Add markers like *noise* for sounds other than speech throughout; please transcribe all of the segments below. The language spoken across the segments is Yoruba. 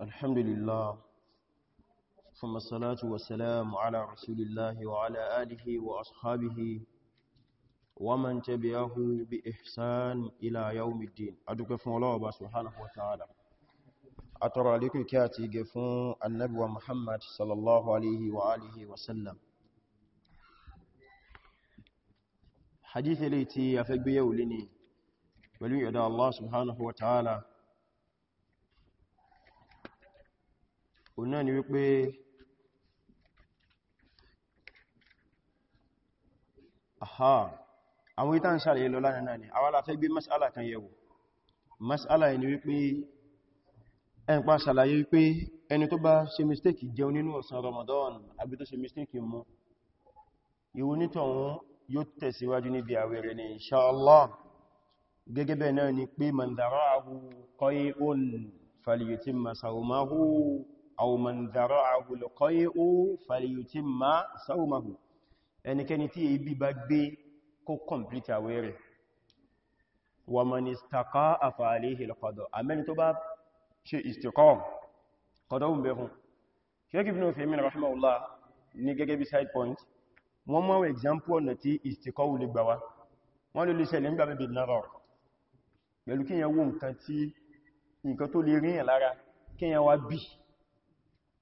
الحمد لله ثم الصلاة والسلام على رسول الله وعلى آله وأصحابه ومن تبعه بإحسان إلى يوم الدين أدوك فن الله سبحانه وتعالى أترى لكم كاتي قفن النبو محمد صلى الله عليه وآله وسلم حديث ليتي أفقبي يوليني ولي أدى الله سبحانه وتعالى òun náà ni wípé aha àwọn ìtàn sàrẹ̀ lọ lánàá náà ni awọ́lá fẹ́ gbé mas'ala kan yẹ̀wò mas'ala ni wípé ẹn pa sàlàyé wípé ẹni tó bá ṣe mistake jẹun nínú ọ̀sán Ramadan àbí tó ṣe mistake mú ìwò nítọ̀hún yóò tẹ̀síwájú níbi àwẹ̀ rẹ̀ ní insha Allah gẹ́gẹ́ bẹ́ẹ̀ náà ni pé man dara'ahu qay'un falyutimma sawmahu أو من ذرعه القيء فليتم صومه ẹnikẹni tí ebi bá gbé kó kọ̀mplítì àwẹ̀ rẹ̀ wà man istaqa'a fa alayhi al-qada amẹ́ni tó bá ṣe istiqa'a qada ń bẹ̀rún Shaykh point wọ́n example ọ̀nà tí istiqa'a lè gbà wá wọ́n lè lè ṣẹlẹ̀ ń gbàmẹ́bì náà pẹ̀lú kíyàn wo nǹkan tó lè ríyàn lára kíyàn wá bí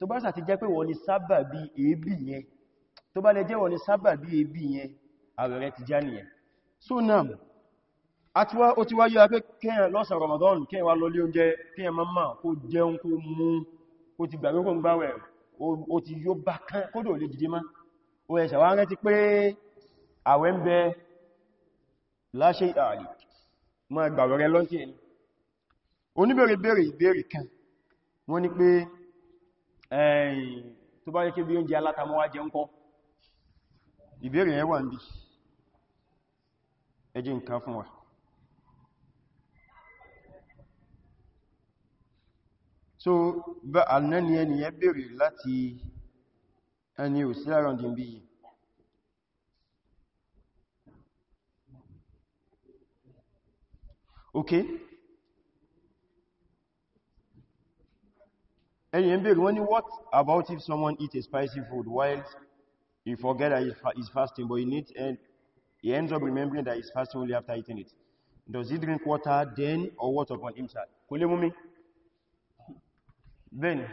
tó bá sà ti jẹ́ pé wọ́n ni sábà bí èébì yẹn tó bá lè jẹ́ wọ́n ni sábà bí èébì yẹn àwẹ̀rẹ̀ ti já nìyẹn so now àtiwá ó ti wáyé pé kíyàn lọ́sàn Ramadan kíyàn wá lọlé oúnjẹ kíyàn mamá kó jẹun kó mú kó ti gbàgbé kó ń gbáwẹ̀ ó ti yó bá kán kódò lè dìde má ó ẹ̀ṣà wọ́n ní pé tó bá yẹ kí bí oúnjẹ alátamọ́wá jẹ ń kọ́ ìbéèrè yẹn wà ń bí ẹjẹ́ nǹkan fún wa so bá alẹ́ni ẹni yẹn béèrè láti ẹni ò sí àrọ̀dín bí yìí okay ẹ̀yẹ̀ ń bèèrè wọ́n ní what about if someone eat a spicy food while he forget that he's fasting but he, need, and he ends up remembering that he's fasting only after eating it does he drink water then or water upon himself kò lè mú mi bẹ́ẹ̀ni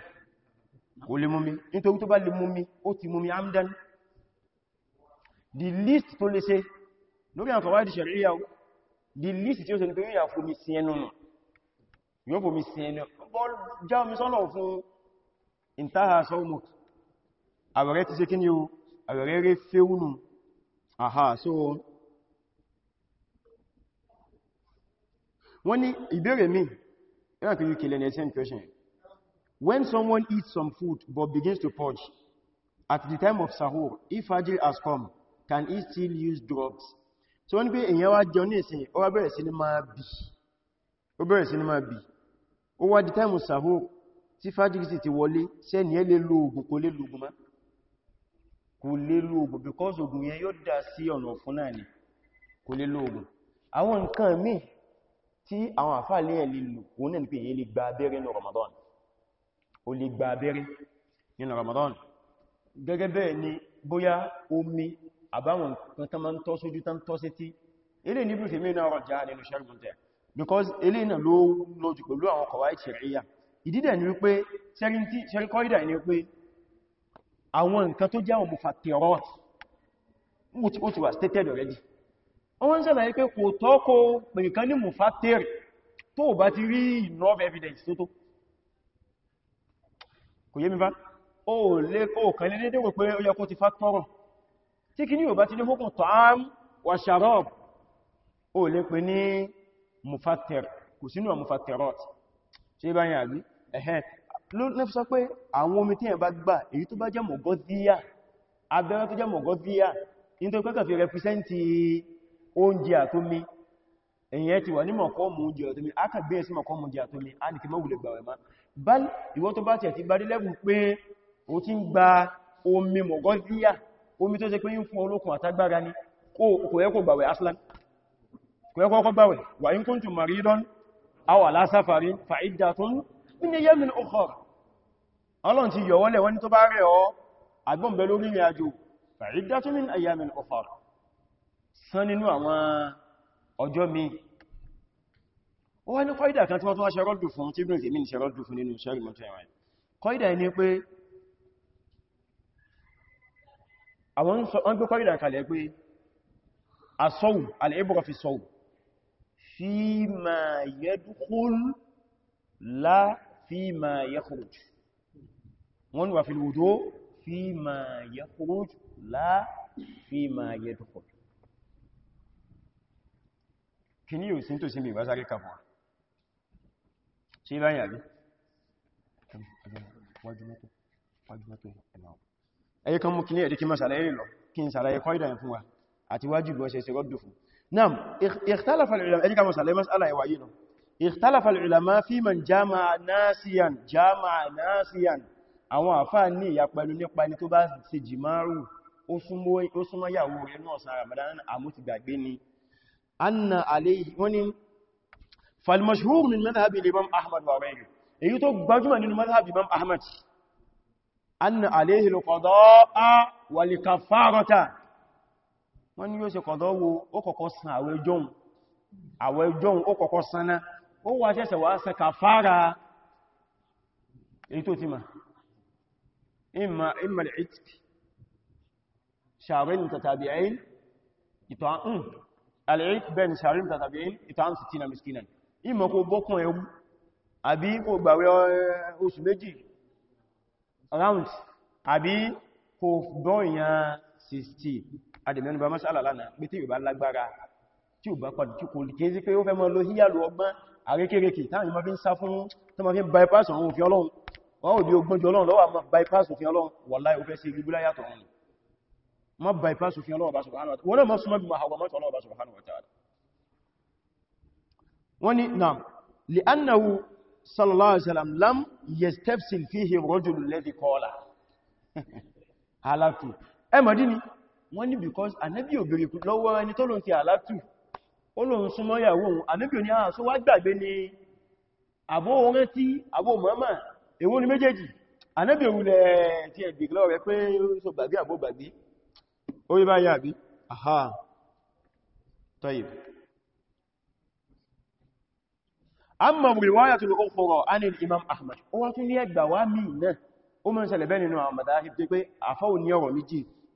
kò lè mú mi nítorí tó bá lè mú mi ó ti mú mi amdan the least tó lè ṣe lórí àkọwàá ìdíṣẹ̀rí the least tí ó ṣe nítorí ìyàfò mi sí ẹnu nù yóò bomi sí ẹni já omi sọ́lọ̀ fún ìntáhà sọ́mọ̀ àwẹ̀rẹ́ ti ṣe kí ni o àwẹ̀rẹ́ rí fẹ́únù àhà so wọ́n ní ìbéèrè mi ẹ̀rọ kìí kìí lẹ́nà same question when someone eats some food but begins to purge at the time of sahur if fajr has come can he still use drugs so wọ́n ní pé èyàn wá jẹun ní ìsìn ó bẹ̀rẹ̀ sí ní máa bì ó wá di táìmù sàhóò tí fájírìsì ti wọlé sẹ́ni ẹ lè lo kò lè lo má kò lè lo because oògùn yẹn yóò dá sí ọ̀nà fún náà ni kò lè lo oògùn àwọn nǹkan míì tí àwọn àfáàlẹ́ ẹ̀ lè lò òun ní Ramadan o lè gba Ramadan gẹ́gẹ́ bẹ́ẹ̀ ni bóyá omi àbáwọn kan tán máa ń tọ́ sójú tán tọ́ sí tí because ele náà ló lọ jù pẹ̀lú àwọn kọ̀wàá ìṣẹ̀ríyà ìdídẹ̀ ni wípé ṣẹ́ríkọ́ìdà ni wípé àwọn nǹkan tó jẹ́ àwọn mufattirot ó ti wà stated already wọ́n sẹ́lẹ̀ wípé kò tọ́kọ pẹ̀lúkan ní mufattir tó bá ti rí enough evidence tó tó kò yé mi bá ó lé kọ̀ọ̀kan lé dédé wípé ó yẹ kó ti fàtọ́rọ̀ tí kí ní ò bá ti ní hókùn ta'am wa sharab ó lè pè ní mufatir kò sínú mufatirot ṣe bá yà rí ẹ̀hẹ́n ló nẹ́fẹ́ sọ pé àwọn omi tí ẹ̀ bá gbà èyí tó bá jẹ́ mọ̀gọ́díyà abẹ́rẹ́ tó jẹ́ mọ̀gọ́díyà ní tó pẹ́kà fi rẹpísẹ́ntì oúnjẹ àtómi èyí ti wà ní mọ̀kọ́mù oúnjẹ àtómi a kà gbé sí mọ̀kọ́mù oúnjẹ àtómi a kọ́kọ́ gbàwẹ̀ wa in kuntum maridan aw ala safarin fa iddatun min ayyamin ukhra ọlọ́n ti yọ̀wọ́lẹ̀ wọ́n tó bá rẹ̀ ọ agbọ́nbẹ̀ lórí ìrìn àjò fa iddatun min ayyamin ukhra san nínú àwọn ọjọ́ mi ó wá ní kọ́ìdà kan tí wọ́n tó wá ṣẹrọ́dù fún tí ibùn tèmi ní ṣẹrọ́dù fún nínú ṣẹ́rì mọ́tò ẹ̀wọ̀n kọ́ìdà ní pé àwọn ń gbé kọ́ìdà kalẹ̀ pé asọ́wù alẹ́bùrọ̀fì sọ́wù fíìmà yẹ́dùkún lá fíìmà yẹ́kùrùj wọ́n wà fílwùdó fíìmà yẹ́kùrùj lá fíìmà yẹ́dùkún kí ní yóò síntò sí bèbá sáré kàfà ṣe báyìí àbí ẹ̀yẹ́ kan mú kí ní ẹ̀dẹ́kí mọ́ sàlẹ̀ ìrìnlọ kí n sàlẹ̀ ẹ̀kọ́ ìdàyẹ̀ fún wa àti wájú bí ṣe ṣe rọ́dù fún نعم اختلف العلماء ادي كما سالي مساله يواينا اختلف العلماء في من جامع ناسيا جامع ناسيا àwọn àfáà ní ìyá pẹ̀lú nípa ẹni tó bá ṣe jìmáàrù ó súnmọ́ yàwó rẹ̀ náà sára Ramadan àmú ti gbàgbé ni anna alayhi wọ́n ni falmashhur min madhhabi imam ahmad wa ghayri èyí tó gbajúmọ̀ nínú madhhabi imam ahmad anna alayhi alqadaa wal kafarata wọ́n ní yóò ṣe kọ̀dọ̀ wo ó kọ́kọ́ san àwẹ̀ jọun àwẹ̀ jọun ó kọ́kọ́ saná ó wà ṣẹ̀ṣẹ̀ wá ṣe kàfàrà èyí tó ti ma imma imma al-itq shahrayn tatabi'ayn ìtàn hmm. al-itq bayna shahrayn tatabi'ayn ìtàn sittina miskinan imma kó bọ́kùn ẹ̀wú adìmẹ́nu bá mọ́sálà lánàá pé tí yóò bá lágbára tí yóò bá padà tí kò kìí sí pé ó fẹ́ mọ́ lọ híyàlù ọgbọ́n àrékèrèkè táwọn ìmọ́ fi ń sá fún tó ma fi ń bypass àwọn òfin ọlọ́run wọ́n ò di ogbójú ọlọ́run lọ́wọ́ ma bypass òfin ọlọ́run wàláhì ó fẹ́ sí ibi láyàtọ̀ wọn ma bypass òfin ọlọ́run bá subhanahu wa ta'ala wọ́n náà mọ́ súnmọ́ bí ma àwọn mọ́tọ̀ ọlọ́run bá subhanahu *laughs* ni wọ́n ní because ànábì ò bèèrè lọ́wọ́ ẹni tó lóun ti àlátù ó lóun súnmọ́ ìyàwó òun ànábì ò ní àà ah, só wá gbàgbé ni àbó orin tí àbó mọ́mà èwo ni méjèèjì ànábì ò wulẹ̀ tí ẹ̀ bèèrè lọ́wọ́ rẹ pé so gbàgbé àbó gbàgbé ó rí bá yà bí aha tayyib amma riwayatul ukhra anil imam ahmad ó wá tún ní ẹgbàwá mi náà ó mọ́ ń ṣẹlẹ̀ bẹ́ẹ̀ nínú àwọn madahib pé àfáwọn ní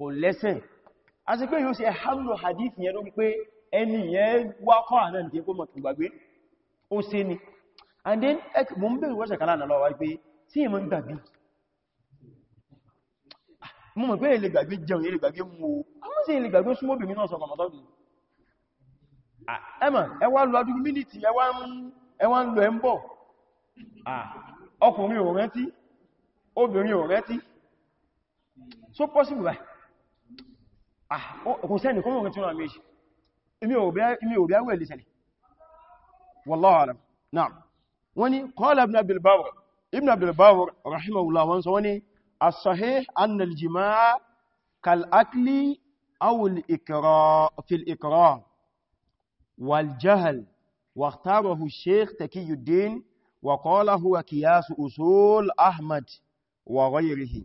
kò lẹ́sìn a sì pé yóò ṣe hálò hadith yẹn ló wípé ẹni yẹn wákọ́ àná nìkẹ́ kó mọ̀ gbàgbé ó ṣe ni and then mo ń bèèrè wọ́ṣẹ̀ kanáà lọ́wọ́ wípé tí ìmọ̀ ń gbàgbé mo mọ̀ pé èlè gbàgbé jẹun èlè gbàgbé mú o àwọn sí èlè gbàgbé súnmọ́ obìnrin náà sọ kọ̀mọ̀tọ́ bí ẹmà ẹwà lọ adúgbò mínítì ẹwà ń lọ ẹ ń bọ̀ ọkùnrin ò rántí obìnrin ò rántí so possible báyìí kò sẹ́ni kó mọ̀ tí wọ́n méjì imi ò bí awẹ́ lè sẹ́ni wallahu alam na'am wani qala ibn abdul rahimahullah wọn sọ wani as-sahih anna al-jima' kal akli wa ghayrihi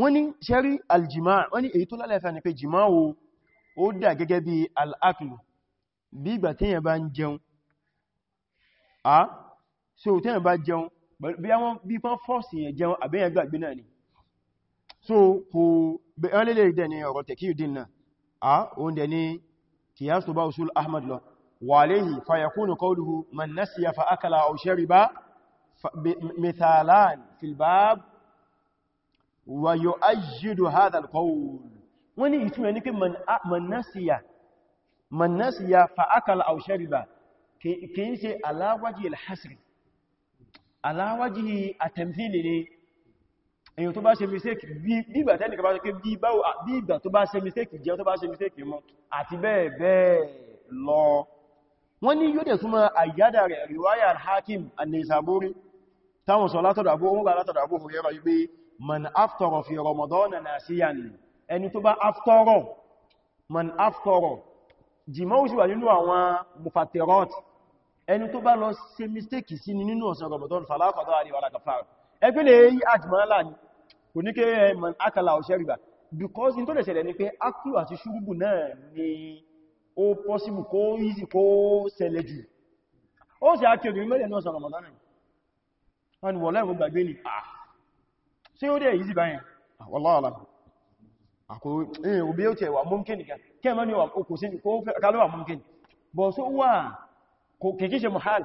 wọ́n ní ṣẹ́rí aljima wọ́n ní èyí tó lálẹ́fẹ́ ni pé jima o ó dà gẹ́gẹ́ bí al'aklu bí ìgbà tíyàn bá ń jẹun a so tíyàn bá jẹun bí wọ́n bí pán fọ́sì yẹn jẹun àbẹ́yàn gbàgbé náà ni so kò bẹ̀rẹ̀lẹ̀ dẹ̀ ni ọ̀rọ̀ tẹ̀kíyùdín náà ويؤجد هذا القول وني يتو يعني من من نسيا من نسيا فاكل او شرب كينسي على وجه الحسر على وجه التمثيل ني èyàn tó bá ṣe mistake bí ìgbà tẹ́nìkà bá ṣe pé bí báwọ̀ bí ìgbà tó bá ṣe mistake jẹun tó bá ṣe mistake mọ́ àti bẹ́ẹ̀ bẹ́ẹ̀ lọ wọ́n man aftara fi ramadana nasiyan ẹni tó bá aftara man aftara jimọ́ sí wà nínú àwọn mufattirot ẹni tó bá lọ ṣe mistake sí nínú ọ̀sán ramadan falakọ̀dọ̀ àríwára kafar ẹgbẹ́lẹ̀ yí àjìmọ́lá ni kò ní kéré man akala aw because in tó lè aklu àti ṣúrùbù náà ni ó possible kó easy kó ṣẹlẹ̀ jù ó sì á kí obìnrin mẹ́lẹ̀ náà sọ ramadan ni ni wọ́lẹ́ ìwọ̀n gbàgbé ni ah ṣé ó dẹ̀ yìí sí báyẹn ah, wọ́láwọ́lá àkórí ah, eh, òbí ó ti ẹ̀wà mọ́mkín nìkan kí ẹmọ́ ni kò sí kálọ́wà mọ́mkín bọ̀ só wà kìí ṣe mohal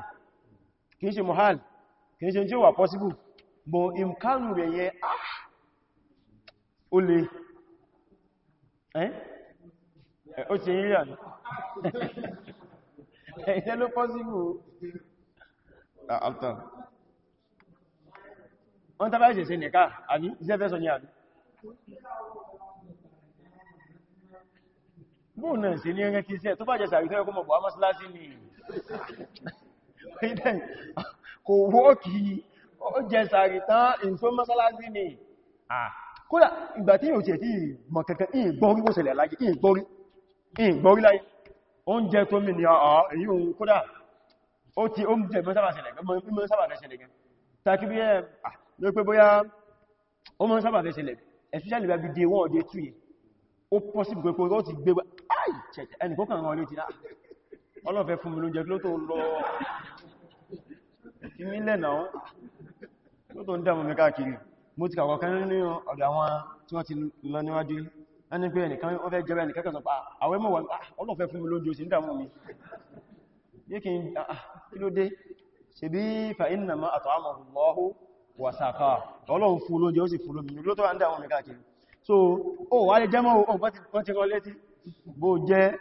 kìí ṣe mohal kìí ṣe tí ó wà pọ́síbù bọ̀ imkanu rẹ̀ yẹ ah, ó lè eh? eh, ó ti yí rà ẹ̀ẹ́sẹ́ ló pọ́síbù wọ́n tàbí ìṣẹ̀ṣẹ̀ nìká àbí ìṣẹ́fẹ́ sọ ní àbí bóò náà sí ní ẹgbẹ́ kí iṣẹ́ tó bá jẹ́ sàrí fẹ́ kọmọ̀ bọ̀hámọ́ síláṣí ni kò wọ́kì ó jẹ́ sàrí tán ìṣó mọ́sálásí ni kódà ìgbà tí yóò tẹ̀ tí mọ̀ kẹ̀kẹ́ ìgbọ́rí wó ṣẹlẹ̀ láyé ìgbọ́rí láyé oúnjẹ tó mì ní ọ̀ èyí òun kódà ó ti oúnjẹ mọ́sábà ṣẹlẹ̀ gẹ́ ló pé bóyá ó mọ́ sábà fẹ́ sílẹ̀ especially bí day one or day two yìí ó possible pé kó ti gbé àì chẹ̀tẹ̀ ẹni kó kàn rán olé ti náà ọlọ́fẹ́ fún mi ló jẹ́ tó lọ kí ní lẹ́nà ọ́n tó tó ń dámọ́ mi káàkiri mo ti kàwọ̀ kan nínú ọ̀dọ̀ àwọn tí wọ́n ti lọ níwájú ẹni pé ẹnìkan ó fẹ́ jẹ́rẹ́ ẹnìkan kan sọ pa àwẹ́ mọ̀ wọ́n ọlọ́fẹ́ fún mi ló jẹ́ sí dámọ́ mi yé kí ló dé ṣe bí fa inna ma at'amahu Allahu wàsàkà ọlọ́run fún olóúnjẹ ó sì fún olómi ló tó wà ń dá àwọn mẹ́ká kiri so ó wà lè jẹ́mọ́ ohun wọ́n ti rọ létí bó jẹ́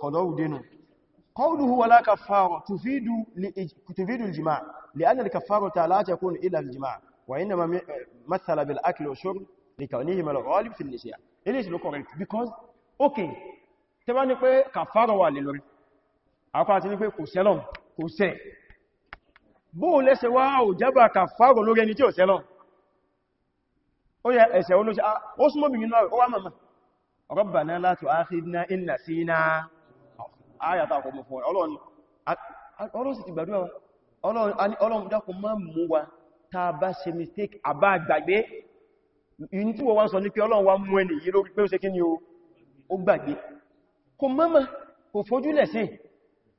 kọ̀dọ̀wùdénù qawluhu wala kaffara tufidu al-jima' li'anna al-kaffarata la takunu jima wa innama mathala bil-akli wa shurb likawnihi al-ghalib fi an-nisyan it is correct because okay tẹ́bá ní pé kàfàrọ̀ wà lè lórí àpá àti ní pé kò sẹ́lọ̀m bó lẹ́sẹ̀ wá ò jábà kà fàárọ̀ lórí ẹni tí ò sẹ́lọ ó yẹ ẹ̀sẹ̀ olóṣẹ́ ah, ó súnmọ́ bí nínú ọwá mọ̀má Rabbana la tu'akhidhna in nasina ayàtà ọkọ̀ mọ̀ fún ọlọ́run sì ti gbàdúrà ọlọ́run dákun má mú wa tá bá ṣe mistake àbá gbàgbé in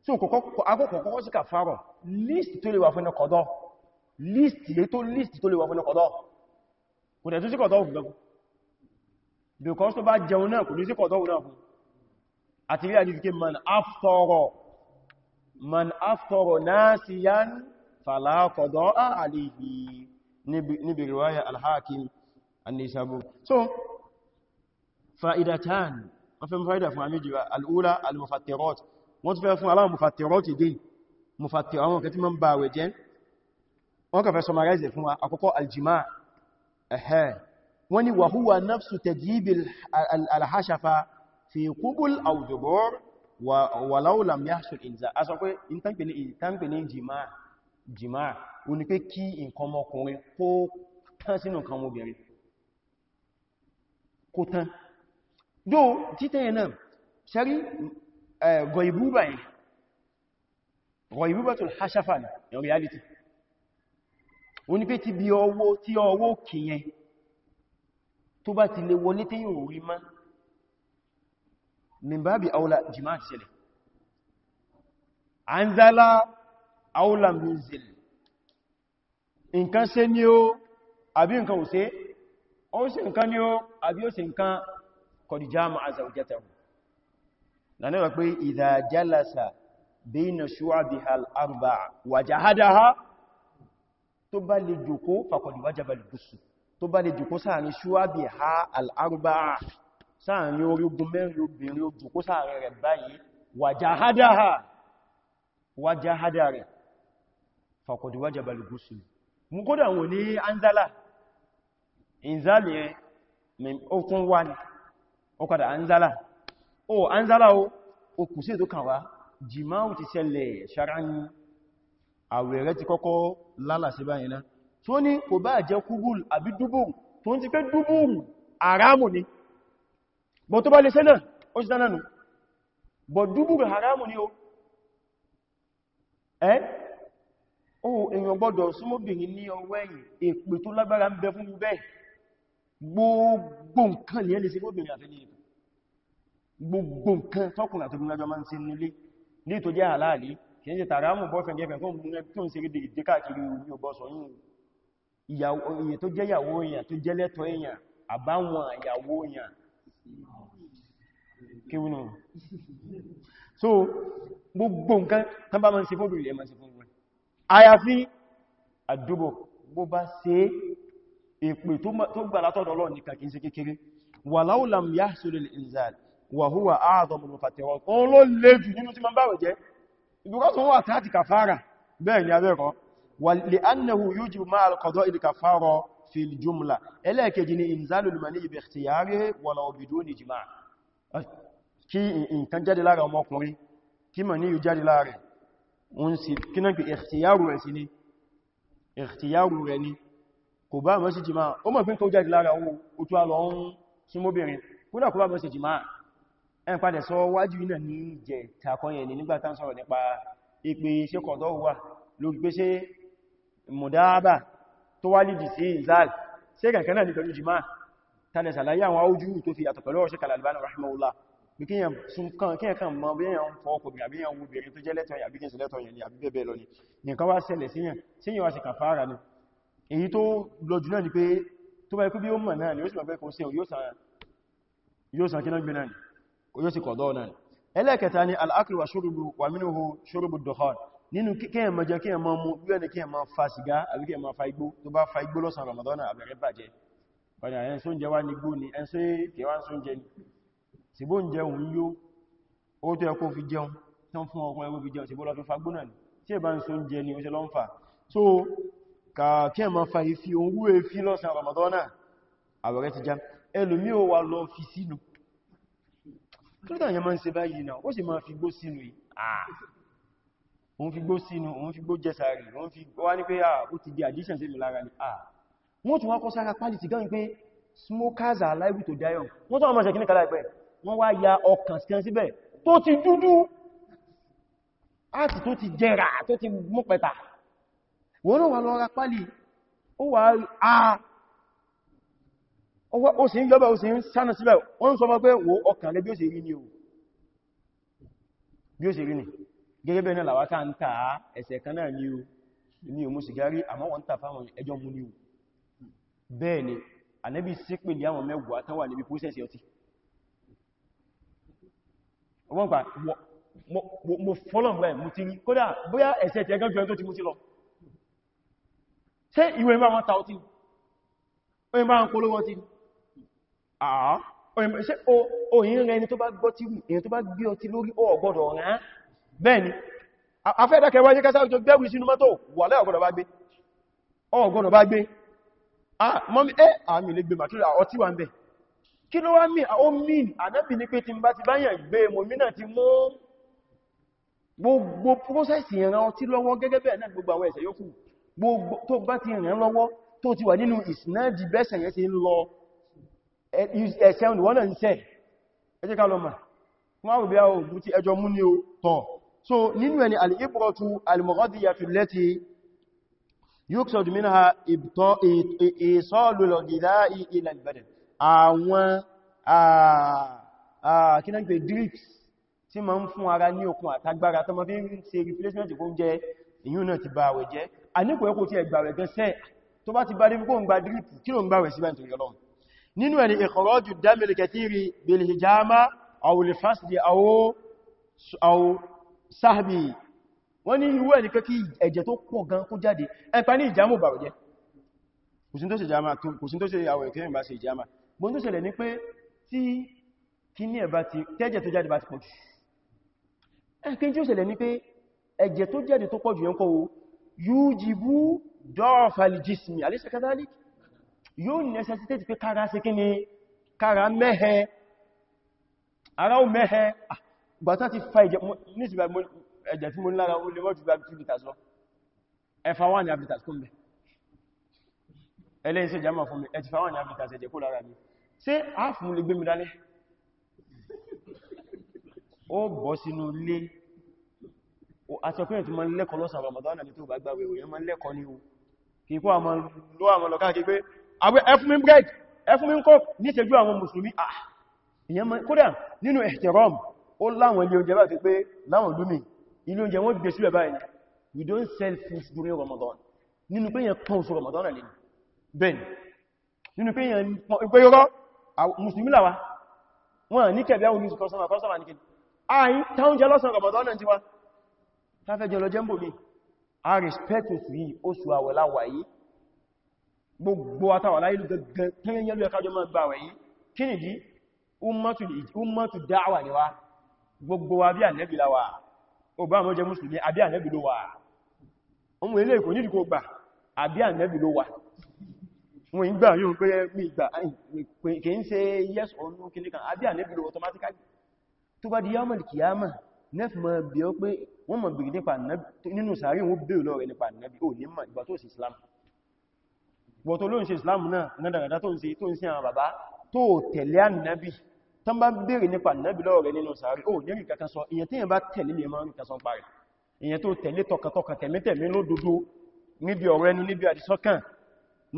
so akọ́kọ́kọ́ sí kàfàrọ̀ list tó lè wà fún ọkọ̀dọ́ list lè tó list tó lè wà fún ọkọ̀dọ́ kò tẹ̀ tó sí kọ̀dọ́ òfin gbogbo because tó bá jẹun náà kò ní sí kọ̀dọ́ òun fún fa'idatan wọ́n fẹ́ mú fa'ida fún àmì jìwa al al-mufattirat wọ́n tún fẹ́ fún aláwọn mufattirọ́tì dé mufattir àwọn kẹtí mọ́ ń ba àwẹ̀ jẹ́ wọ́n kàfẹ́ summarize fún àkọ́kọ́ aljima ẹ̀hẹ́ wọ́n ni wàhúwà nafsu tẹ̀gíbil alhashafa fi kúbùl audubor wà láúlam yáṣùn ìzà a sọ pé ìtànkpẹ̀lẹ̀ jima o ni pé kí nǹkan ọmọkùnrin kó tán sínú nǹkan Eh, gọ̀ìbúbà yìí gọ̀ìbúbà tó hashafa ní in reality o ní pé ti bí ọwọ́ tí ọwọ́ kìyẹn tó bá ti lè wọlé tí yóò rí má min bábi aula jima'a ṣẹlẹ̀ an zala aula minzil nǹkan ṣe ni ó àbí nǹkan ò ṣe ó ṣe nǹkan ni ó àbí ó ṣe nǹkan kọ̀dìjáma azàwùjẹ́tẹ̀wò lánàá pé idha jalasa bayna shu'abiha al-arba'a wa jahadaha tó bá lè jòkó faqad wajaba al-ghusl tó bá lè jòkó sáàrin shu'abiha al-arba'a sáàrin orígun mẹ́rin obìnrin jòkó sáàrin rẹ̀ báyìí wa jahadaha anzala o an zala o o kù sí ètò kàwá jìmáwù ti ṣẹlẹ̀ ṣara ní àwẹ̀rẹ́ ti kọ́kọ́ lálà sí báyìí náà tó ní kò bá jẹ́ kúgùl àbí dúbùrù tó ń ti fẹ́ dúbùrù haramu ni bọ̀ tó bá lè sẹ́nà ó sì sánà nù bọ̀ dúbùrù haramu ni o ẹ́ o èèyàn gbọ́dọ̀ súnmọ́bìnrin ní ọwọ́ ẹ̀yìn èpè tó lágbára ń bẹ fún bẹ́ẹ̀ gbogbo nǹkan lè ṣe fóbìnrin àfẹ́ ní gbogbo nǹkan tọ́kùnrin àti obìnrin máa ń ṣe nílé ní tó jẹ́ àláàlì kì í ṣe tààràmù boyfriend girlfriend kó mú tó ń ṣe rí dèdè káàkiri orí ọbọ̀ sọ yìí èyàn tó jẹ́ ìyàwó èyàn tó jẹ́ lẹ́tọ̀ èyàn àbáwọn ìyàwó èyàn kíwúnù so gbogbo nǹkan tán bá máa ń ṣe fún obìnrin máa ń ṣe fún obìnrin àyàfi àdúgbò bó bá ṣe èpè tó gbà látọ̀dọ̀ Ọlọ́run nìkan kì í ṣe kékeré wàláwùlàm yáṣúlẹ̀ ìzàlì wa huwa a'dhamul mufattirat òun ló lè jù nínú tí ma ń báwẹ̀ jẹ́ because wọ́n wà tààtì kàfàrà bẹ́ẹ̀ ni abẹ́kọ́ li'annahu yujibu ma'a al-qada'il kafara fil jumla ẹlẹ́ẹ̀kejì ni yóò jáde lára ń sì kí náà pé ikhtiyaru ni ikhtiyaru rẹ̀ ni kúrò kúrò mọ́ sí jima ẹn padẹ̀ sọ wájú iná ní jẹ takọ́yẹ̀ ní nígbàtà ń sọ̀rọ̀ nípa ipe ṣe kọ̀dọ̀ wà lórí pé ṣe mọ̀dáábà tó wá lìdì sí ìzáàl ṣe kankan náà nítorí jìmá tàlẹ̀ sàlàyé àwọn ojú tó fi yàtọ̀ pẹ̀lú ọ̀ṣẹ́ kalalbani rahimahullah bí kí yẹn kan mọ́ bí yẹn ni àbí bẹ́ẹ̀ lọ ni nìkan wá ṣẹlẹ̀ sí ni èyí tó lọ jù náà ni pé tó bá ikú bí ó yóò sàn kí náà gbé náà yóò sì kọ̀dọ̀ náà ẹlẹ́ẹ̀kẹta ni al'aklu wa ṣúrùbù wa minhu ṣúrùbù dukhan nínú kíyàn mọ́ jẹ kíyàn mọ́ mú yóò ní kíyàn mọ́ fa sìgá àbí kíyàn mọ́ fa igbó tó bá fa igbó lọ́sàn Ramadan àbẹ̀rẹ̀ ni ẹn só kẹwàá só ń jẹ ni síbó ń jẹun yó ó tó ẹkó fi jẹun tán fún ni tí ẹ so ka kíyàn mọ́ fa ifi òun wú efi lọ́sàn Ramadan àbẹ̀rẹ̀ ti já ẹlòmí ó wà lọ fi sínú kílódà yẹn máa ń ṣe báyìí náà ó sì máa fi gbó sínú àà òun fi gbó sínú òun fi gbó jẹsàárì òun fi wá ní pé àà ó ti di addition sí ìlú lára ní àà wọ́n tún wá kọ́ sára pálì ti gáyìn pé smokers are liable to die young wọ́n tó wọ́n máa ṣe kíníkà láìpẹ́ wọ́n wá ya ọkàn sí síbẹ̀ tó ti dúdú àti tó ti jẹrà tó ti mú pẹ̀tà wọ́n ló wà lọ ra pálì ó wà á ó sì ń yọ́bẹ̀ ó sì ń sánà síbẹ̀ ó ń sọ mọ́ pé wo ọkàn rẹ bí ó sì rí ní o bí ó sì rí ní gẹ́gẹ́ bẹ́ẹ̀ náà làwátá ń tàá ẹ̀sẹ̀ kan náà ní o ní o mú sìgárí àmọ́ wọ́n ń tà ẹjọ́ mú ní o bẹ́ẹ̀ ni Ànábì ṣépè lé àwọn mẹ́wàá tán mo fọ́lọ̀n bẹ́ẹ̀ mú ti rí kódà bóyá ẹ̀sẹ̀ tẹ́ gẹ́gẹ́ tó ti mú ti lọ ṣé ìwé ni àá ṣe òyìn rẹ ẹni tó bá gbọ́ tí èyàn tó bá gbé ọtí lórí ọ̀gbọ́dọ̀ rán bẹ́ẹ̀ni afẹ́dàkẹ́ wáyé kásá tó gbẹ́rù sínú mọ́tò wà lẹ́ ọ̀gbọ́dọ̀ bá gbé ọ̀gbọ́dọ̀ bá gbé mọ́mí ẹ́ àmì lè gbé màkílà ọtí wà ń bẹ̀ kí ló wá mìí ó mìí ànábì ní pé tí bá ti báyàn gbé mòmínà ti mú gbogbo prósẹ̀sì ìran ọtí lọ́wọ́ gẹ́gẹ́ bẹ́ẹ̀ náà gbogbo àwọn ẹ̀ṣẹ̀ yókù gbogbo tó bá ti ràn lọ́wọ́ tó ti wà nínú ìsìnájì bẹ́sẹ̀ yẹn ti ń lọ ẹ̀ṣẹ̀ wọ́n náà ń ṣẹ̀ ẹjẹ́ ká lọ mà wọ́n rò bí a ògùn tí ẹjọ́ mú ní o tọ̀ so nínú ẹni al'ibratu al-mughadiyatu allati yuqsad minha ibtọ isalul ghidha'i ila al-badan àwọn kínàgbé drips tí ma ń fún ara ní okun àtagbára tó ma fi ń ṣe replacement kó ń jẹ ìyún náà ti ba àwẹ̀ jẹ́ a ní kò yẹ kó tí ẹgbàwẹ̀ gẹ́sẹ̀ tó bá ti bá dé fún kó ń gba drip kí ló ń gbàwẹ̀ nínú ẹni ìkọ̀rọ̀jù dámìlì kẹtìrì bilhijama àwòlè fásitì àwò sáàbì wọ́n ní irú ẹni kẹ́kí ẹ̀jẹ̀ tó pọ̀ gan kó jáde ẹpa ní ìjámù bàrọ̀jẹ́ kò sí tó ṣe àwọ̀ ìkẹrìn bá ṣe ìjámà bó tó ṣẹlẹ̀ ní pé tí kí ní ẹ̀bá ti tẹ́jẹ̀ tó jáde bá ti pọ̀jù ẹ̀kẹ́ tí ó ṣẹlẹ̀ yóò necessitate pé kára sí kí ni kára mẹ́hẹ ara ó mẹ́hẹ ah, gbàtán ti fa ẹ̀jẹ̀ tí mo ní lára ó lè wọ́n ju gbà 2 litres lọ ẹfà 1 litres kún bẹ̀ ẹlẹ́yìn sí jama fún mi ẹ̀tìfà 1 litres ẹ̀jẹ̀ kó lára mi ṣe áàfù lè gbé mi dálẹ́ ó bọ́ sínú ilé àtọkùnrin tí ma ń lẹ́kọ̀ọ́ lọ́sàn Ramadan ni tó bá gbàwẹ̀ òyìn ma ń lẹ́kọ̀ọ́ ní o kìí kó àmọ́ lọ́wọ́ àmọ́ lọ káàkiri ẹfúnmí bread ẹfúnmí coke ní ìṣẹ́jú àwọn mùsùlùmí ah ìyẹn kódà nínú ihtiram ó láwọn ilé oúnjẹ bá ti pé láwọn lómi ilé oúnjẹ wọ́n gbé sílẹ̀ báyìí we don't sell food during Ramadan nínú pé yẹn kan oṣù Ramadan alẹ́ ben nínú pé yẹn pé yọ́rọ́ mùsùlùmí làwá wọ́n ní kẹ̀bí àwọn oníṣù kọsọ́mà kọsọ́mà ní kí ààyí táún jẹ lọ́sàn Ramadan náà ti wá tafẹ́ jẹ lọ jẹ́ mbò mi a respect oṣù yìí oṣù àwẹ̀ láwà yìí gbogbo àtàwà láìlú gẹ́gẹ́ yẹ́lú ẹkájọ máa gbà wẹ̀yí kí nìdí ummatu da'wa ni wá gbogbo wa bí ànẹ́bì láwà ọba àmọ́ jẹ́ mùsùlùmí àbí ànẹ́bì ló wà ọmọ ilé ìkò nídìí kó gbà àbí ànẹ́bì ló wà wọ́n ìgbà yóò pé mi ìgbà kì í ṣe yes or no kí nìkan àbí ànẹ́bì ló automatically tó bá di yawmal kiyama nẹ́fì mọ̀ bí ó pé wọ́n mọ̀ bèèrè nípa nínú sàárì wọ́n bèèrè lọ́rẹ̀ nípa nẹ́bì ò ní mọ̀ ìgbà tó sì islam wọ́n tó ló ń ṣe islam náà nádàrádá tó ń ṣe tó ń ṣe àwọn bàbá tó tẹ̀lé ànábì tán bá bèèrè nípa ànábì lọ́wọ́ rẹ̀ nínú sàárì ó ní rí kankan sọ ìyẹn tí yẹn bá tẹ̀lé lè máa ń kankan parí ìyẹn tó tẹ̀lé tọkàntọkàn tẹ̀mẹ́tẹ̀mẹ́ lódodo níbi ọ̀rọ̀ ẹnu níbi àdìsọ́kàn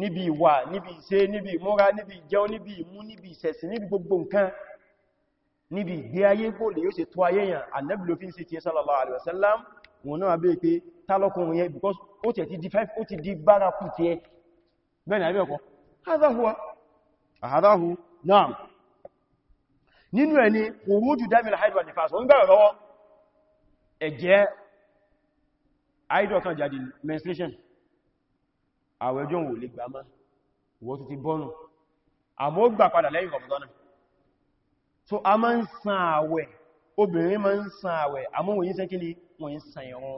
níbi ìwà níbi ìṣe níbi ìmúra níbi ìjẹun níbi ìmú níbi ìṣẹ̀sìn níbi gbogbo nǹkan níbi ìgbé ayé bó lè yóò ṣe tó ayé yàn ànábì ló fi ń ṣe tiẹ̀ sallallahu alaihi wasallam wọn náà bèèrè pé tálọ́kùnrin yẹn because ó ti di bárakù tiẹ̀ bẹ́ẹ̀ ni àbí ọkọ̀ hadha huwa hadha hu naam nínú ẹni khuruju damil haid wal nifas wọ́n gbẹ̀rẹ̀ lọ́wọ́ ẹ̀jẹ̀ haidọ̀ kan jáde menstruation àwẹ̀jọ́ wò lè gbàmá wọ́n tún ti bọ́nù àmọ́ ó gbà padà lẹ́yìn Ramadan so a máa ń san àwẹ̀ obìnrin máa ń san àwẹ̀ àmọ́ wòyí sẹ́kí ni wọ́n ń san ẹ̀rọ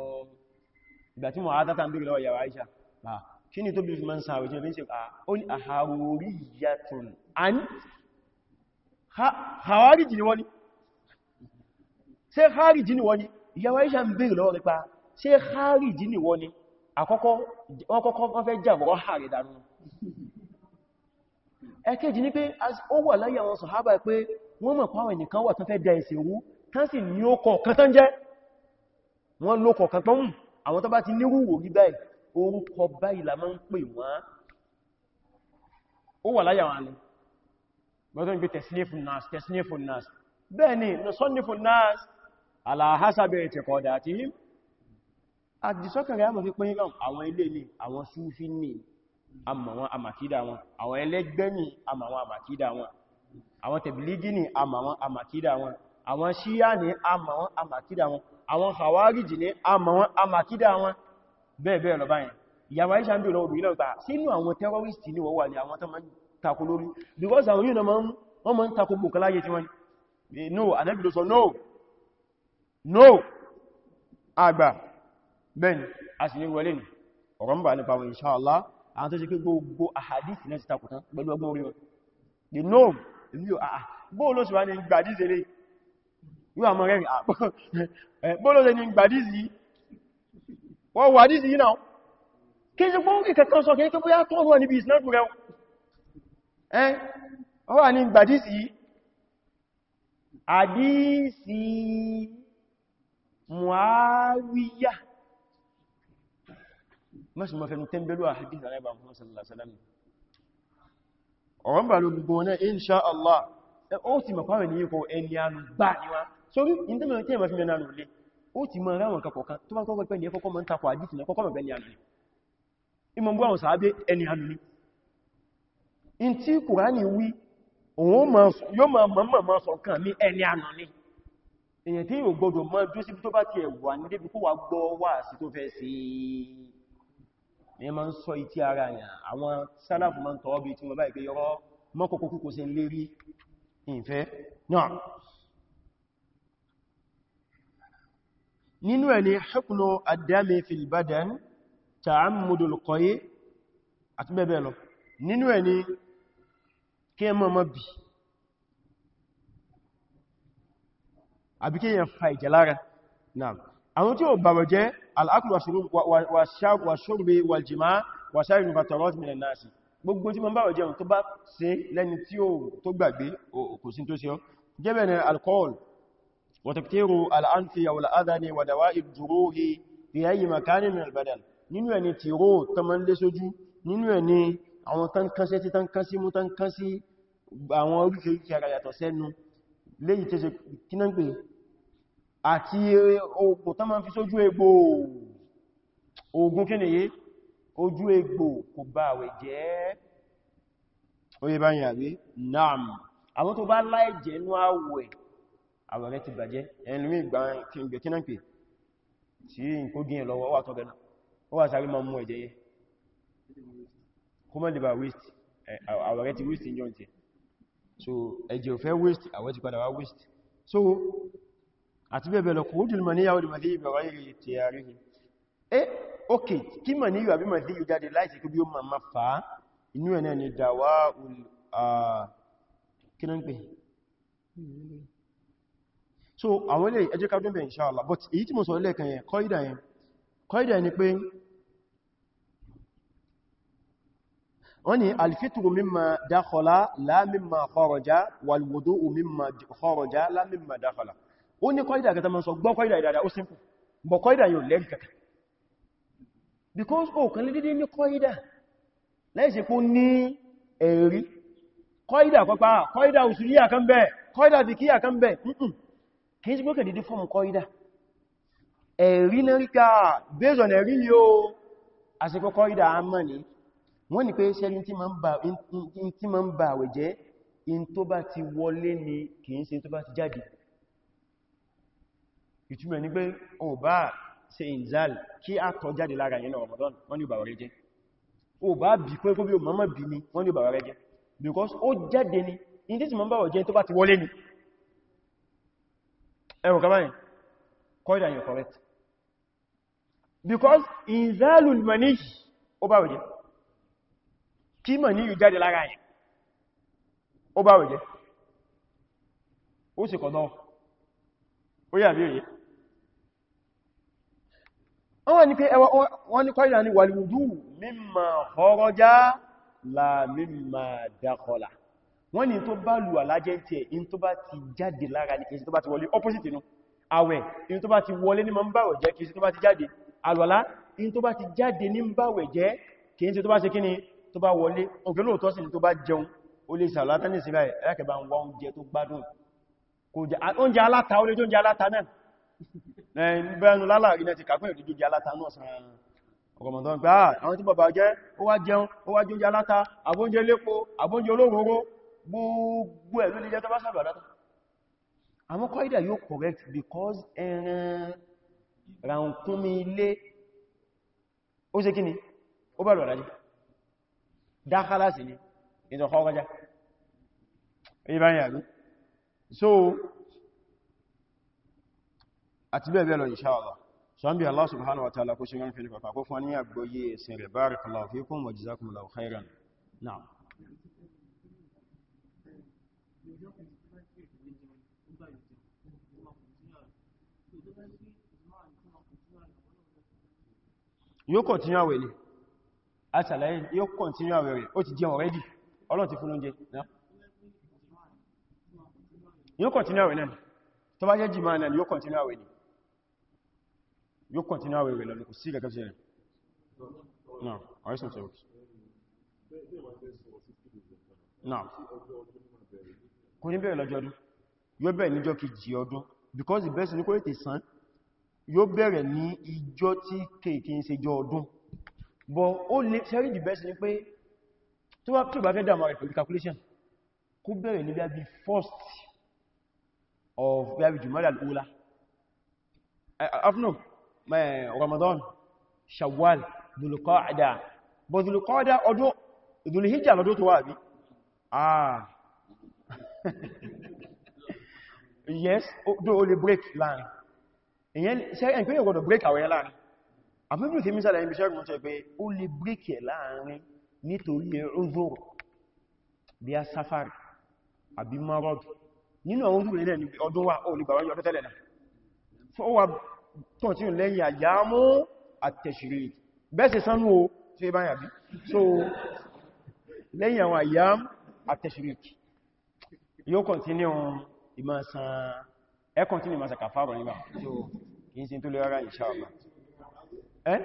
ìgbà tí mọ̀ á dátà ń bèèrè lọ́wọ́ yàrá Aisha ah kí ni tó bí fìmọ̀ sàwẹ̀ tí ó bí sí ọ̀nà àhàrùrí yàtùn àní hàwárìjì ni wọ́n ni ṣe hàrìjì ni wọ́n ni ìyàwó iṣẹ́ ń bèèrè lọ́wọ́ nípa ṣe hàrìjì ni wọ́n ni àkọ́kọ́ wọ́n kọ́kọ́ wọ́n fẹ́ jà wọ́n hàrì dànù ẹ̀kẹ́jì ni pé ó wà láyé àwọn sàhábà pé wọ́n orúkọ báyìí la máa ń pè wọ́n ó wà láyà wọn ni gbọ́dọ̀ ń gbé tẹ̀sínífún nas tẹ̀sínífún nas bẹ́ẹ̀ ni sọ́nífún nas aláhásábẹ̀ ìtẹ̀kọ̀ọ̀dà àti him àdìsọ́kẹ̀rẹ̀ àmà fi pín ìrọ̀m àwọn ilé ní àwọn súfí ní àmàwọn àmàkídà wọn àwọn ẹlẹ́gbẹ́ ní àmàwọn àmàkídà wọn àwọn tẹ̀bìlígí ní àmàwọn àmàkídà wọn àwọn ṣíyá ní àmàwọn àmàkídà wọn àwọn hàwárìjì ní àmàwọn àmàkídà wọn bẹ́ẹ̀bẹ́ẹ̀ lọ báyìí ìyàwó Aisha ń bèèrè obìnrin náà gbà sínú àwọn terrorist ní wọ́wọ́ alẹ́ àwọn tó ma ń takò lórí because àwọn yìí wọ́n ma ń takò gbòkà láyé tí wọ́n no Ànábì ló sọ no no àgbà bẹ́ẹ̀ni a sì ní wọlé ní ọ̀rọ̀ ń bà nípa wọn insha Allah àwọn tó ṣe pé gbogbo ahadith náà ti takùtán pẹ̀lú ọgbọ́n orí wọn the no èmi ò àà bóòlò ṣe wá ní gbàdíze lé yóò àmọ́ rẹ̀ bóòlò ṣe wọ́n wà dìsì yìí náà kí ṣe fún ìkẹ̀kọ́ sọ kìí tó bóyá tó wọ́n níbi ìsinádù rẹ̀ ẹ́ wọ́n wà ní gbàdìsì yìí àdìsì Muawiya mọ́sùmọ́ fẹ́ mú tẹ́mbẹ̀lú àdìsì àrẹ́bà fún sallallahu alaihi wasallam ọ̀rọ̀ ń bà ló gbogbo náà inṣá Allah ó sì mọ̀kọ́rẹ̀ ní ikọ̀ ẹni anú gbà níwá sórí ìdí mẹ́rin tí ẹ̀mọ̀ fi mẹ́rin anú lé ó ti mọ̀ ráwọn kakọ̀kan tó bá kọ́kọ́ pẹ́ ní ẹkọ́kọ́ mọ́ ń takọ̀ àdìsì ní ọkọ́kọ́ mọ̀bẹ̀ ní ànà ìmọ̀ gbọ́ àwọn sàábé ẹni ànà ní in tí kùránì wí òun yóò mọ̀ mọ̀ mọ̀ sọ kan ní ẹni ànà ní èyàn tí yóò gbọdọ̀ mọ́ dúró sí tó bá ti ẹ̀wà ní débi kó wà gbọ́ wà sí tó fẹ́ sí ní ma ń sọ ìtí ara yàn ìfẹ́ náà nínú ẹni huknu ad-dami fil badan ta'ammudul qayi àti bẹ́ẹ̀ lọ nínú ẹni kí ẹ mọ́ bí àbíkí yẹn fa ìjẹlára náà àwọn tí ó bàbọ̀ jẹ́ al-aklu wa shurbi wal jima' wa sa'iril muftarat وتكثير الأنف أو الأذن ودواء الجروح في أي مكان من البدن nínú ẹni tìró tọmọn lé sójú nínú ẹni àwọn tánkánṣe tí tánkánṣe mú tánkánṣe àwọn oríkèríkè ara yàtọ̀ sẹ́nu léyìí tó ṣe kí náà pé àti ogun tán máa fi sójú egbò ogun kí nìyé ojú egbò kò bá àwẹ̀ jẹ́ oye báyìí àwẹ́ náà àwọn tó bá láì jẹ́ nú àwọ̀ rẹ̀ ti bàjẹ́ ẹlùmí ìgbà kíǹgbẹ̀ kí náà pè tí kó gíyàn lọ́wọ́ wà tọ́gẹ̀nà ó wà sáré ma mú ẹ̀jẹ̀ yẹ kó mọ́ lè bà waste àwọ̀ rẹ̀ ti waste in ìtẹ̀ so ẹ̀jẹ̀ ò fẹ́ waste àwọ̀ ti padà wá waste so àti bẹ́ẹ̀ bẹ́ẹ̀ lọ kó dìlmọ̀ níyàwó dìmọ̀ sí ìbẹ̀rọ ìrì ti ààrẹ yìí eh ok kí mọ̀ níyàwó àbí mọ̀ sí ìyù jáde láìsí kí kí náà ń pè so àwọn ilé ẹjẹ́ ká dúnbẹ̀ inshallah but èyí tí mo sọ lẹ́ẹ̀kan yẹn kọ́ìdà yẹn kọ́ìdà ni pé wọ́n ni alfitru mimma dakhala la mimma kharaja walwudu'u mimma kharaja la mimma dakhala ó ní kọ́ìdà kẹta mọ́ sọ gbọ́ kọ́ìdà ìdàdà ó simple bọ̀ kọ́ìdà yóò lẹ́rì kẹta because ó kan lédédé ní kọ́ìdà láìsẹ̀ pó ní ẹ̀rí kọ́ìdà kọ́pá kọ́ìdà usuliyya kan bẹ́ẹ̀ kọ́ìdà fiqhiyya kan bẹ́ẹ̀ kìí sí gbókè dédé fọ́mù kọ́ ìdá ẹ̀rí náà rí based on ẹ̀rí ni ó àsìkò kọ́ ìdá àmà ní wọ́n ní pé sẹ́rin tí ma ń bà wẹ̀ jẹ́ in tó bá ti wọlé ni kìí ṣe tó bá ti jáde ìtumọ̀ ní pé o bá ṣe inzal kí a tọ́ jáde lára yẹn Ramadan wọ́n ní ó bà wẹ̀ jẹ́ o bá bí pé kó because ó jáde in tí ti ma ń bà wẹ̀ ẹwọ̀n kama yìí kọ́ ìdá you're correct because inzalul mani ó bá wẹ̀jẹ́ kí mani yìí jáde lára yìí ó bá wẹ̀jẹ́ ó sì kọ̀ náà ó yà bí òye wọ́n ni pé ẹwà wọ́n ni kọ́ ìdá ni wàlúdú mimma kharaja la mimma dakhala wọ́n ní tó bá lù àlájẹ́ tí ẹ̀ in tó bá ti jáde lára ní kìí tó bá ti wọlé opposite inú àwẹ̀ in tó bá ti wọlé ní ma ń bàwẹ̀ jẹ́ kìí tó bá ti jáde àlọ́lá in tó bá ti jáde ní ń bàwẹ̀ jẹ́ kìí tó bá ṣe kíni tó bá wọlé òkè sí ni tó bá jẹun ó lè sàlátà ní síbáyẹ̀ ẹ̀rẹ́kẹ̀bá ń wá oúnjẹ tó gbádùn oúnjẹ aláta ó lè jẹ oúnjẹ aláta náà bẹ́ẹ̀nu *laughs* lálàrí náà ti kàkún ìrìnjú jẹ aláta náà sàn ah, àwọn tí bàbá jẹ́ ó wá jẹun ó wá jẹ oúnjẹ aláta àbóúnjẹ lépo gbogbo ẹ̀ ló lè jẹ́ tó bá sàlù àdátà àmọ́ kọ́ìdà yóò correct because ẹran ràǹkúnmí ilé ó ṣe kíni ó bá lọ́dájí dákálá sí ni ìtọ̀kọ́ ọgájá ìbáyìn àbí so àti bẹ́ẹ̀ bẹ́ẹ̀ lọ inṣáàlá sọ́nbí Allah subhanahu wa ta'ala kó ṣe rán fẹ́lẹ̀ pàpàkó fún ní àgbóyé ẹ̀sìn rẹ̀ barakallahu fikum wa jazakumullahu khairan na'am yóò continue àwẹ̀ ni a ṣàlàyé yóò continue àwẹ̀ rẹ̀ ó ti jẹun already ọlọ́run ti fún oúnjẹ yóò continue àwẹ̀ náà tó bá jẹ́ jìmá náà yóò continue àwẹ̀ ni yóò continue àwẹ̀ rẹ̀ lọ́nà kò sí gẹ́gẹ́ sí rẹ̀ náà ọ̀rẹ́sùn sọ̀rọ̀ náà kò ní bẹ̀rẹ̀ lọ́jọ́ ọdún yóò bẹ̀rẹ̀ níjọ́ kejì ọdún because the best ni kó ètè sàn yóò bẹ̀rẹ̀ ní ìjọ tí kèèkì ń ṣe jọ ọdún bọ̀ ó lè ṣẹ́rí the best ni pé tó wá kí o bá fẹ́ dámà rẹ̀ pẹ̀lú calculation kó bẹ̀rẹ̀ ní bí first of bí Jumada al-Ula uh, afno uh, Ramadan Shawwal Dhul-Qa'da bọ̀ Dhul-Qa'da ọdún Dhul-Hijjah lọ́dún tó wà bí ah *laughs* yes o do o le break line ìyẹn ṣe ẹ̀kọ́ yóò gbọdọ̀ break àwẹ̀ láàrin àfẹ́bìnrin tí mísàlẹ̀ ibi ṣẹ́gun tẹ́ pé ó lè break ẹ̀ láàrin nítorí ẹ̀rùn bí a safari àbí marod nínú àwọn ojú ilẹ̀ níbi ọdún wa ó lè gbà wáyé ọdún tẹ́lẹ̀ náà fún ó wà so lẹ́yìn àwọn àyám àtẹ̀ṣìrí continue ìmọ̀ san ẹ kọntínú masa kàfàrọ̀ nígbà kí n sí tó lè rárá insha Allah ẹ́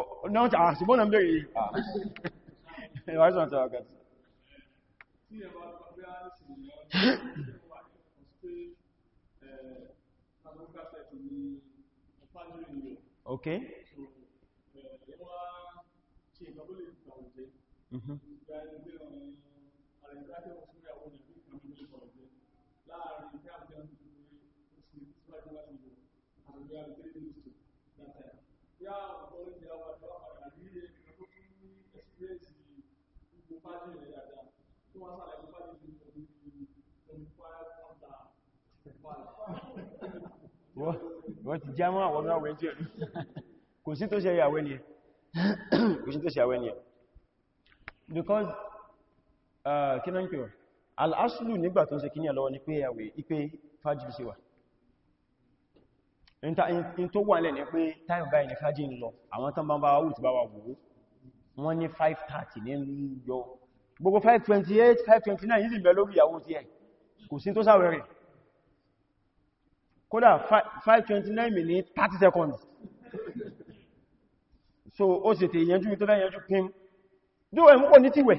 ah, náà tí a ṣùgbọ́n na bèèrè ìwàrísàn tàwà kàtí ok Mm-hmm láàrin tí a jẹ́ oṣù síwájú wá sí ìwọ̀n and we are very used Bí a ọ̀pọ̀ oúnjẹ wa tó wà ní ẹgbẹ́ tó tún ní experience gbogbo bájì rẹ̀ dáadáa tó wá sàlẹ̀ tó bájì tó tún ní omi fire kọ́ńtà wọ́n ti já mọ́ àwọn ọmọ àwọn kò sí tó ṣe ìyàwó ni ẹ̀ kò sí tó ṣe ìyàwó uh, ni ẹ̀ because kí náà ń pè wọ́n al'aslu nígbà tó ń ṣe kíní àlọ́wọ́ ní pé àwẹ̀ ipé fàájì sí wà in tó wà lẹ́ ní pé time báyìí ní fàájì ń lọ àwọn tán bá ń bá wù tí bá wà wù wọ́n ní 5:30 ní yọ gbogbo 5:28 5:29 yìí bẹ̀ lórí ìyàwó tí ẹ̀ kò sí tó sáwẹ̀rẹ̀ kódà 5:29 minutes 30 seconds so ó sì tè yanjú tó fẹ́ yanjú pín dúwẹ̀ mú kò ní tíwẹ̀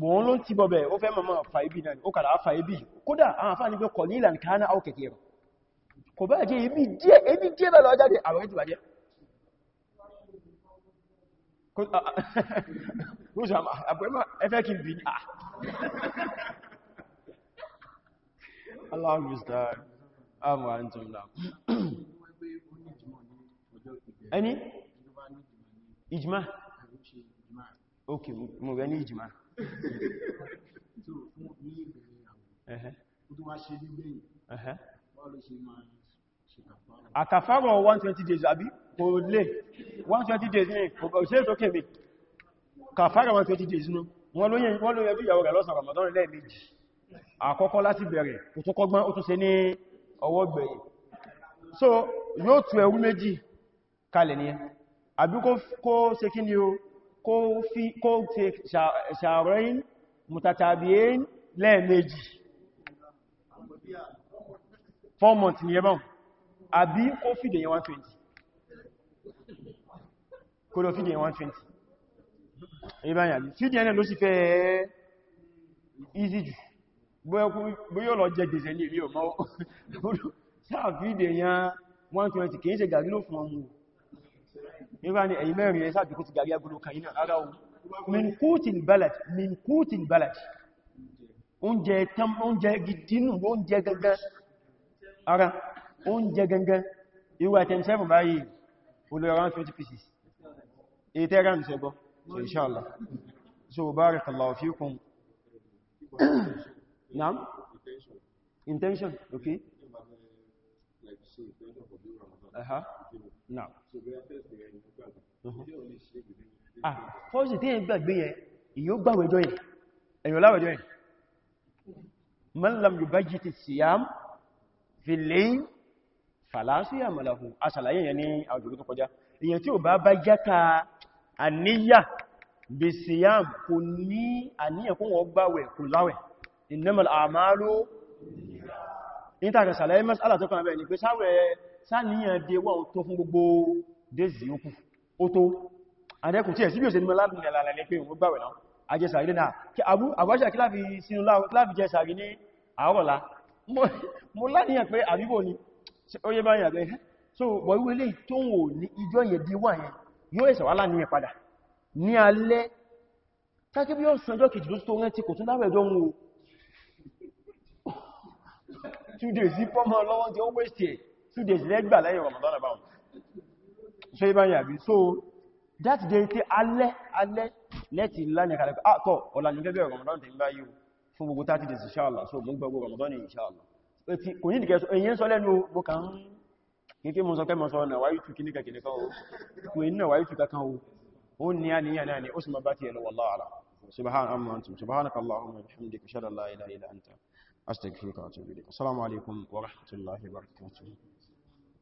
mọ̀ ló ń tí bọ̀bẹ̀ ó fẹ́ mọ̀mọ̀ fa ibi náà ó kàrà fa ibi kódà àwọn afá ní pé kọ̀ ní ìlànà káánà áwọ̀ kẹ̀kẹ́ rọ̀ kò bá jẹ́ ibi díẹ̀ ibi díẹ̀ bá lọ jáde ìjìmá *laughs* ok mo rẹ ní ìjìmá tó fún ní ìbẹ̀rẹ̀ ìyàwó ó tó wá ṣe ní 120 days àbí kò lè 120 days ní òṣèrè tó kèmè kàfàrà 120 days nú wọ́n ló yẹn wọ́n ló yẹn bí ìyàwó rẹ̀ lọ́sàn Ramadan lẹ́ẹ̀mejì àkọ́kọ́ láti bẹ̀rẹ̀ ó tún kọ́gbọ́n ó tún ṣe ní ọwọ́ gbẹ̀yìn so yóò tu ẹ̀wú méjì kalẹ̀ ní àbí kó ṣe kí ni o kó ṣe ṣàrẹ́yìn mutatabiyin lẹ́ẹ̀mejì 4 months ni ẹbọn àbí kó fìdè 120 kó lọ fìdè 120 ìbáyà bí fìdè yẹn ló sì fẹ́ easy jù bóyọ́ lọ jẹ gbèsè ní ìrí ọmọ sáà fìdè yẹn 120 kìí ṣe gàrí ló fún ọmọ nígbà ní ẹ̀yìn mẹ́rin ẹ̀sá bí kú ti gàrí agolo kan iná ara ohun min kútil balad min kútil balad oúnjẹ tán oúnjẹ gidinu oúnjẹ gangan ara oúnjẹ gangan ìwà 27 báyìí olóran 20 pieces ètẹ́ rán ìṣẹ́gbọ́ so inshallah so barakallahu fikum *clears throat* naam intention okay uh -huh fọ́sí tí yẹn gbàgbé yẹn ìyó gbàwẹ̀ jọ yìí ẹ̀yọ̀ láwẹ̀ jọ yìí man lam yubajjit as-siyam fil layl fala siyama lahu asàlàyé yẹn ní àjòrí tó kọjá èyàn tí ó bá bá jáka àníyà bí siyam kò ní àníyàn kún wọ́n gbàwẹ̀ kò láwẹ̀ innamal a'malu ní tàkà sàlàyé ni pé sáníyàn déwà tó fún gbogbo dézì yóò kù ó tó àdẹ́kùn tí ẹ̀ síbí òṣèlú lábùn ìlàlẹ̀ ní pé òun gbàwẹ̀ náà ajẹ́sàrí náà kí abú àbáṣà kí láfi sínú láfi jẹ́sàrí ní àárọ̀lá mo láníyàn pé àríwò ni ó yé báyìí àgbẹ̀ so bọ̀wí ilé tó wò ní ìjọ yẹ déwà yẹn yóò ẹ̀sà wà láníyàn padà ní alẹ́ tákí bí ó sanjọ́ kejì ló tó rántí kò tún láwẹ̀ jọun o two days sí pọ́mọ lọ́wọ́ tí ó wéṣẹ̀ two days lẹ́gbà lẹ́yìn Ramadan about so ibá yàbí so that day pé alẹ́ alẹ́ lẹ́tì lánìí kalẹ̀ àkọ́ ọ̀lànà gẹ́gẹ́ Ramadan tẹ̀ ń bá yíò fún gbogbo 30 days inshallah so mún wa bihamdika ashhadu la ilaha illa anta astaghfiruka wa atubu ilayk assalamu alaikum wa rahmatullahi wa barakatuh